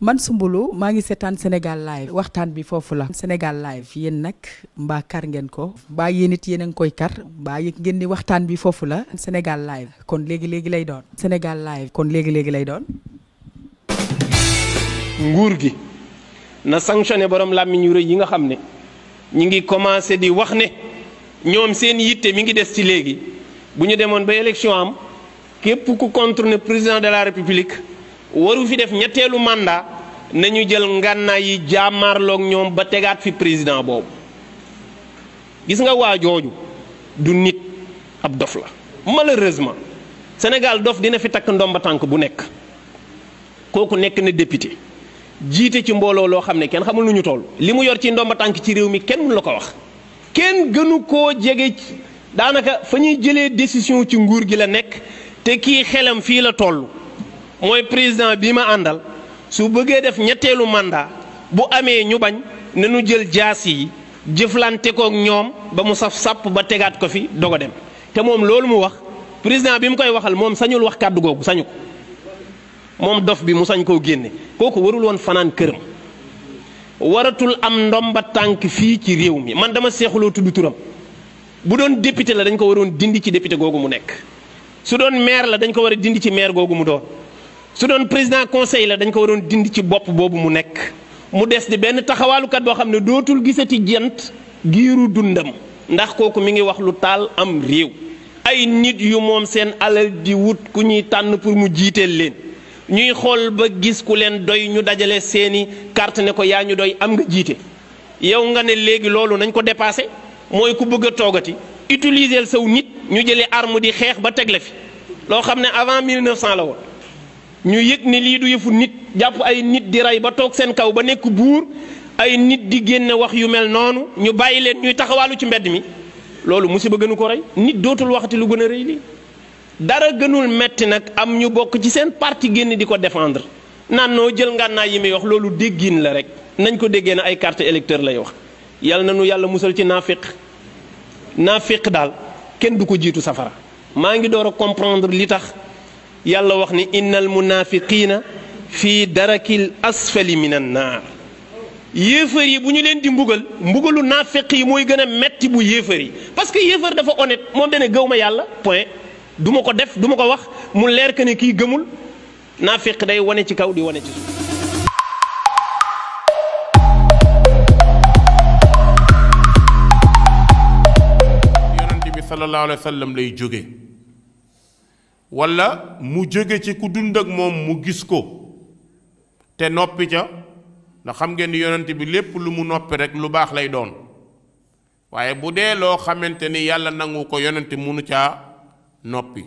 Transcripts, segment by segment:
man sumbulu ma ngi Sénégal live waxtan bi fofu la Sénégal live yéen nak mbaa kar ngeen ko ba yéen it ngi kar ba ngeen ni waxtan bi fofu la Sénégal live kon legi léegi lay doon Sénégal live kon legi léegi lay doon nguur gi na sanctioné borom ñu reuy yi nga ñi ngi commencé di wax ne ñom seen yitté mi ngi dess ci léegi bu ñu ba élection am képp ku contourner président de la république waru fi def ñettelu mandat nañu jël ngànnaay yi jaamaarloog ñoom ba tegaat fi président boobu gis nga waa jooju du nit ab dof la malheureusement Sénégal dof dina fi takk ndomba tànk bu nekk kooku nekk na député jiite ci mbooloo loo xam ne kenn xamul nu ñu toll li mu yor ci ndomba tànk ci réew mi kenn la ko wax kenn gënu koo jege daanaka fa ñuy jëlee décision ci nguur gi la nekk te kii xelam fii la toll mooy président bi ma àndal su bëggee def ñetteelu màndaa bu amee ñu bañ ne nu jël jaas yi jëflante kook ñoom ba mu saf sàpp ba tegaat ko fi dogo dem te moom loolu mu wax président bi mu koy waxal moom sañul wax kàddu googu sañu ko moom dof bi mu sañ koo génne kooku warul woon fanaan këram waratul am ndomba tànk fii ci réew mi man dama seexuloo tudd turam bu doon député la dañ ko waroon dindi ci député googu mu nekk su doon meer la dañ ko war a dindi ci maire googu mu doon su doon président conseil la dañ ko waroon dindi ci bopp boobu mu nekk mu des di benn taxawaalukat boo xam ne dootul gisati jant giiru dundam ndax kooku mu ngi wax lu taal am réew ay nit yu moom seen alal di wut ku ñuy tànn pour mu jiiteel leen ñuy xool ba gis ku leen doy ñu dajale seeni carte ne ko yaa ñu doy am nga jiite yow nga ne léegi loolu nañ ko dépassé mooy ku bëgg a toogati utiliser saw nit ñu jëlee arme di xeex ba tegle fi loo xam ne avant 1900 la woon ñu yëg ne lii du yëfu nit jàpp ay nit di rey ba toog seen kaw ba nekk buur ay nit di génne wax yu mel noonu ñu bàyyi leen ñuy taxawaalu ci mbedd mi loolu musiba gënu ko rey nit dootul waxati lu gën a rëy lii dara gënul metti nag am ñu bokk ci seen parti génn di ko defendre naan noo jël ngànnaay yi muy wax loolu déggin la rek nañ ko déggee ne ay carte électeur lay wax yàlla na nu yàlla musal ci naafiq naafiq daal kenn du ko jiitu safara maa ngi door a comprendre li tax يلا وقني إن المنافقين في درك الأسفل من النار يفري بني لين دي مبغل مبغلو نافقي موي غنا متي بو يفري باسكو يفر دافا اونيت مو داني غاوما يالا بوين دوما كو ديف دوما كو واخ مو لير كني كي غمول نافق داي واني سي كاو دي واني سي صلى الله عليه وسلم لي جوغي walla mu jóge ci ku dund ak moom mu gis ko te noppi ca ndax xam ngeen ni yonent bi lépp lu mu noppi rek lu baax lay doon waaye bu dee loo xamante ni yàlla nangu ko yonent munu caa noppi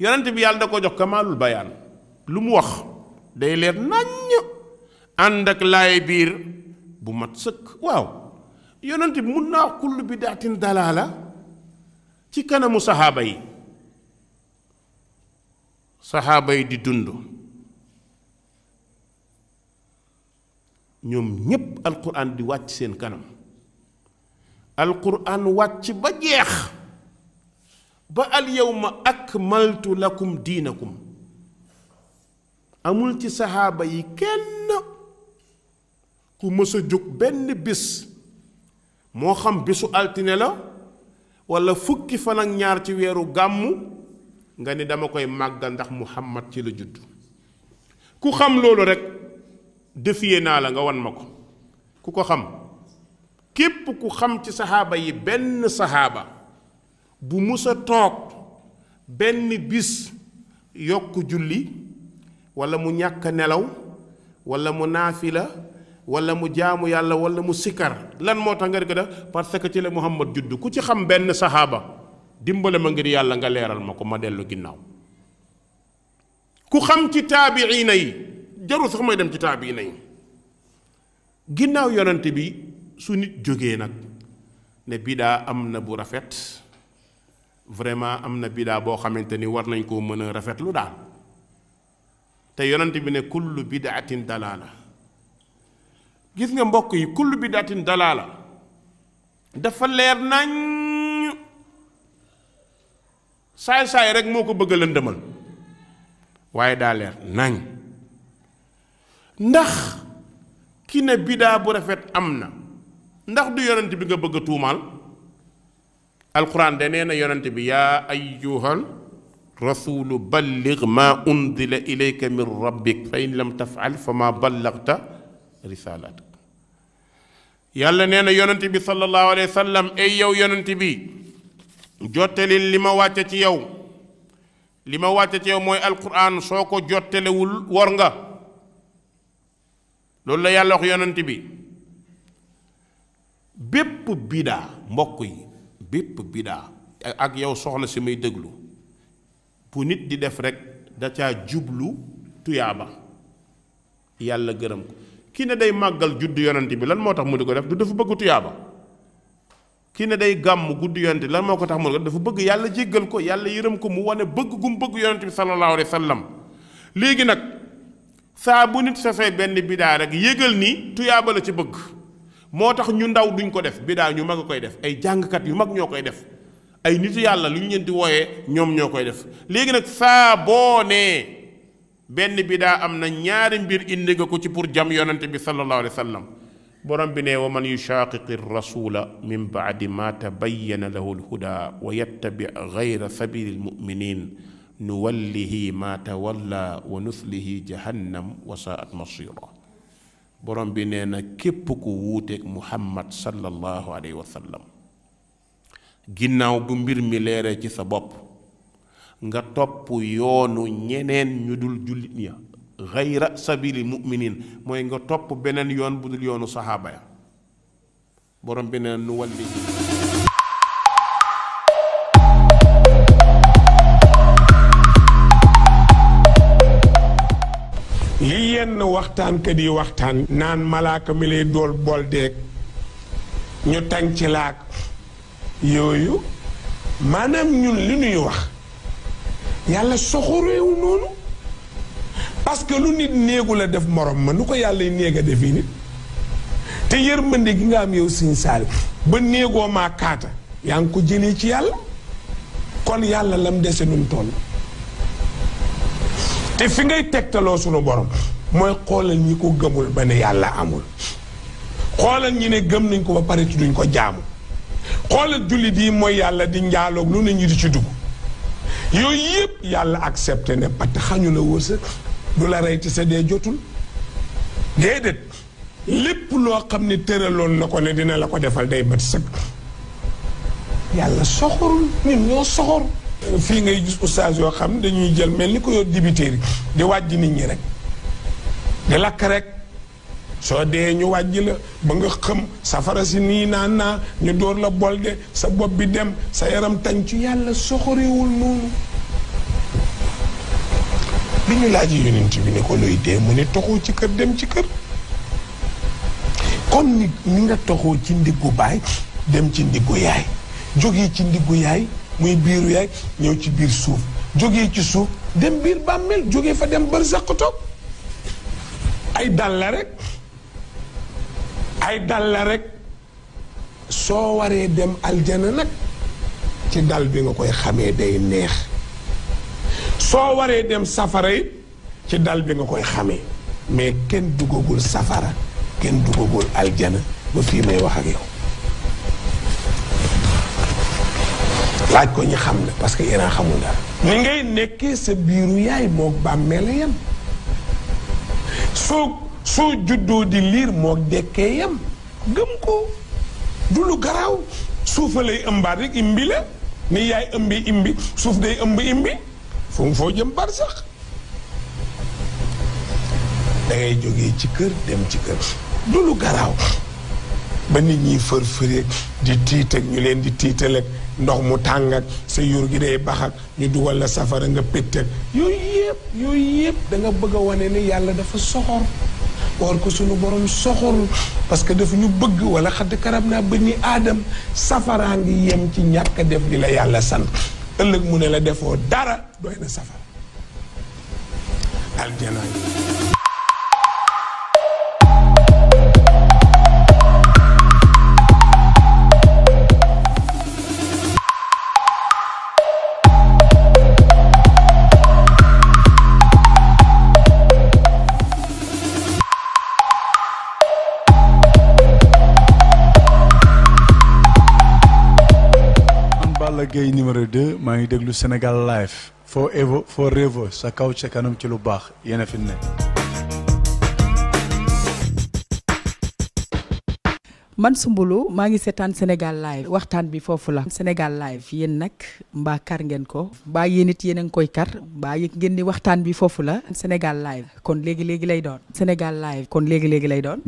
yonent bi yàlla da ko jox kamaalul bayaan lu mu wax day leer naññ ànd ak laay biir bu mat sëkk waaw yonent bi mun naa kullu bidaatin dalaala ci kanamu saxaaba yi saxaaba yi di dund ñoom ñépp alquran di wàcc seen kanam alquran wàcc ba jeex ba al yawma akmaltu lakum diinakum amul ci saxaaba yi kenn ku mësa jóg benn bis moo xam bisu altine la walla fukki fan ñaar ci weeru gàmmu nga ni dama koy màggal ndax muhammad ci la judd ku xam loolu rek defiyee naa la nga wan ma ko ku ko xam képp ku xam ci saxaaba yi benn saxaaba bu musa toog benn bis yokk julli walla mu ñàkk nelaw walla mu naafila walla mu jaamu yàlla walla mu sikkar lan moo tax nga di ko def parce que ci la muhammad judd ku ci xam benn saxaaba dimbole ma ngir yalla nga leeral ma ma dellu ginnaw ku xam ci tabi'ina yi jaru sax may dem ci tabi'ina yi ginnaw yonante bi su nit jógee nak ne bida amna bu rafet vraiment amna bida bo xamanteni ni war nañ ko mën rafet lu daal te yonante bi ne kullu bid'atin dalala gis nga mbokk yi kullu bid'atin dalala dafa leer nañ saay-saay rek moo ko bëgg a lëndëmal waaye daal leer nañ ndax ki ne bidaa bu rafet am na ndax du yonent bi nga bëgg a tuumaal alquran de nee na yonent bi yaa ayyuhal rasulu ballig ma undila ilayka min rabbik fa in lam fa ma ballagta risalatak yàlla nee na yonent bi sallallahu alayhi wa ay yow yonent bi jottalil li ma wàcce ci yow li ma wàcce ci yow mooy alquran soo ko jottalewul wor nga loolu la yàlla wax bi bépp bidaa mbokk yi bépp bidaa ak yow soxna si muy déglu bu nit di def rek da ca jublu tuyaaba yàlla gërëm ko ki ne day màggal juddu yonent bi lan moo tax mu di ko def du dafa bëgg tuyaaba kii ne day gàmm guddi yonente lan moo ko tax mu dafa bëgg yàlla jéggal ko yàlla yërëm ko mu wane bëgg gum bëgg yonente bi sallallahu alayhi wa léegi nag saa bu nit sosee benn bidaa rek yëgal ni tuyaaba la ci bëgg moo tax ñu ndaw duñ ko def bidaa ñu mag a koy def ay jàngkat yu mag ñoo koy def ay nitu yàlla lu ñu leen di wooyee ñoom ñoo koy def léegi nag saa boo nee benn bidaa am na ñaari mbir indi ko ci pour jam yonente bi sallallahu alayhi wa بورم بني ومن يشاقق الرسول من بعد ما تبين له الهدى ويتبع غير سبيل المؤمنين نوله ما تولى ونثله جهنم وساءت مصيره بورم jahannam wa كيبكو masira borom bi nee na képp ku wuuteeg muhammad sallallahu alayhi wa sallam ginnaaw nga top yoonu ñeneen ñu dul jullit xayra sabili muminin mooy nga topp beneen yoon bu dul yoonu saxaaba ya borom bi ne nu walli li yenn waxtaankat yi waxtaan naan malaaka mi lay dool bool ñu tàng ci laak yooyu maanaam ñun li ñuy wax yàlla soxoreewu noonu parce que lu nit néegul a def morom ma nu ko yàlla néeg a defee nit te yërmande gi nga am yow Sëñ Saaliw ba néegoo maa kaata yaa ngi ko jëlee ci yàlla kon yàlla lam dese nun toll te fi ngay tegtaloo sunu borom mooy xoolal ñi ko gëmul ba ne yàlla amul xoolal ñi ne gëm nañ ko ba pare duñ ko jaamu xoolal jullit yi mooy yàlla di njaaloog lu ne ñu di ci dugg yooyu yëpp yàlla accepté ne pat xañu la wërsëg du la rey te sa dee jotul déedéet lépp loo xam ne tëraloon na ko ne dina la ko defal day mat sëg yàlla soxorul ñun ñoo soxor fii ngay gis oustaz yoo xam dañuy jël mel ni ko yor dibiteeri di wàjj nit ñi rek di lakk rekk soo dee ñu wàjj la ba nga xam safara si nii naa naa ñu dóor la bolde sa bopp bi dem sa yaram tañ ci yàlla soxorewul noonu bi ñu laaj yonent bi ne ko luy dee mu ne toxoo ci kër dem ci kër kon ni ni nga toxoo ci ndiggu baay dem ci ndiggu yaay jógee ci ndiggu yaay muy biiru yaay ñëw ci biir suuf jóge ci suuf dem biir bàmmeel jóge fa dem barzaq toog ay dal rek ay dal rek soo waree dem aljana nag ci dàll bi nga koy xamee day neex soo waree dem safara yi ci dal bi nga koy xamee mais kenn duggagul safara kenn duggagul aljana ba fii may wax ak yow laaj ko ñu xam ne parce que Iran xamul dara ni ngay nekkee sa biiru yaay moog bàmmeel yam soo soo juddoo di liir moog dekkee yam gëm ko du lu garaaw suufa lay ëmbaat rek imbi la ni yaay ëmbi imbi suuf day ëmb imbi fu mu foo jëm bar sax da ngay ci kër dem ci kër du lu garaaw ba nit ñi fër-fëree di tiit ak ñu leen di tiital ndox mu tàng sa yur gi day bax ak ñu dugal la safara nga pétt yooyu yëpp yooyu yëpp da bëgg a wane ne yàlla dafa soxor war ko sunu borom soxorul parce que dafa ñu bëgg wala xadd karab naa ba ni aadam safaraa ngi yem ci ñàkk def gi la yàlla sant ëllëg mu ne la defoo dara doy na aljana Balla numéro 2 maa ngi déglu Sénégal live forever forever sa kaw ca kanam ci lu baax yéen a fi ne. man Soumboulou maa ngi seetaan Sénégal live waxtaan bi foofu la Sénégal live yéen nag mbaa kar ngeen ko mbaa yéen it yéen a ngi koy kar mbaa yëg ngeen ni waxtaan bi foofu la Sénégal live kon léegi léegi lay doon Sénégal live kon léegi léegi lay doon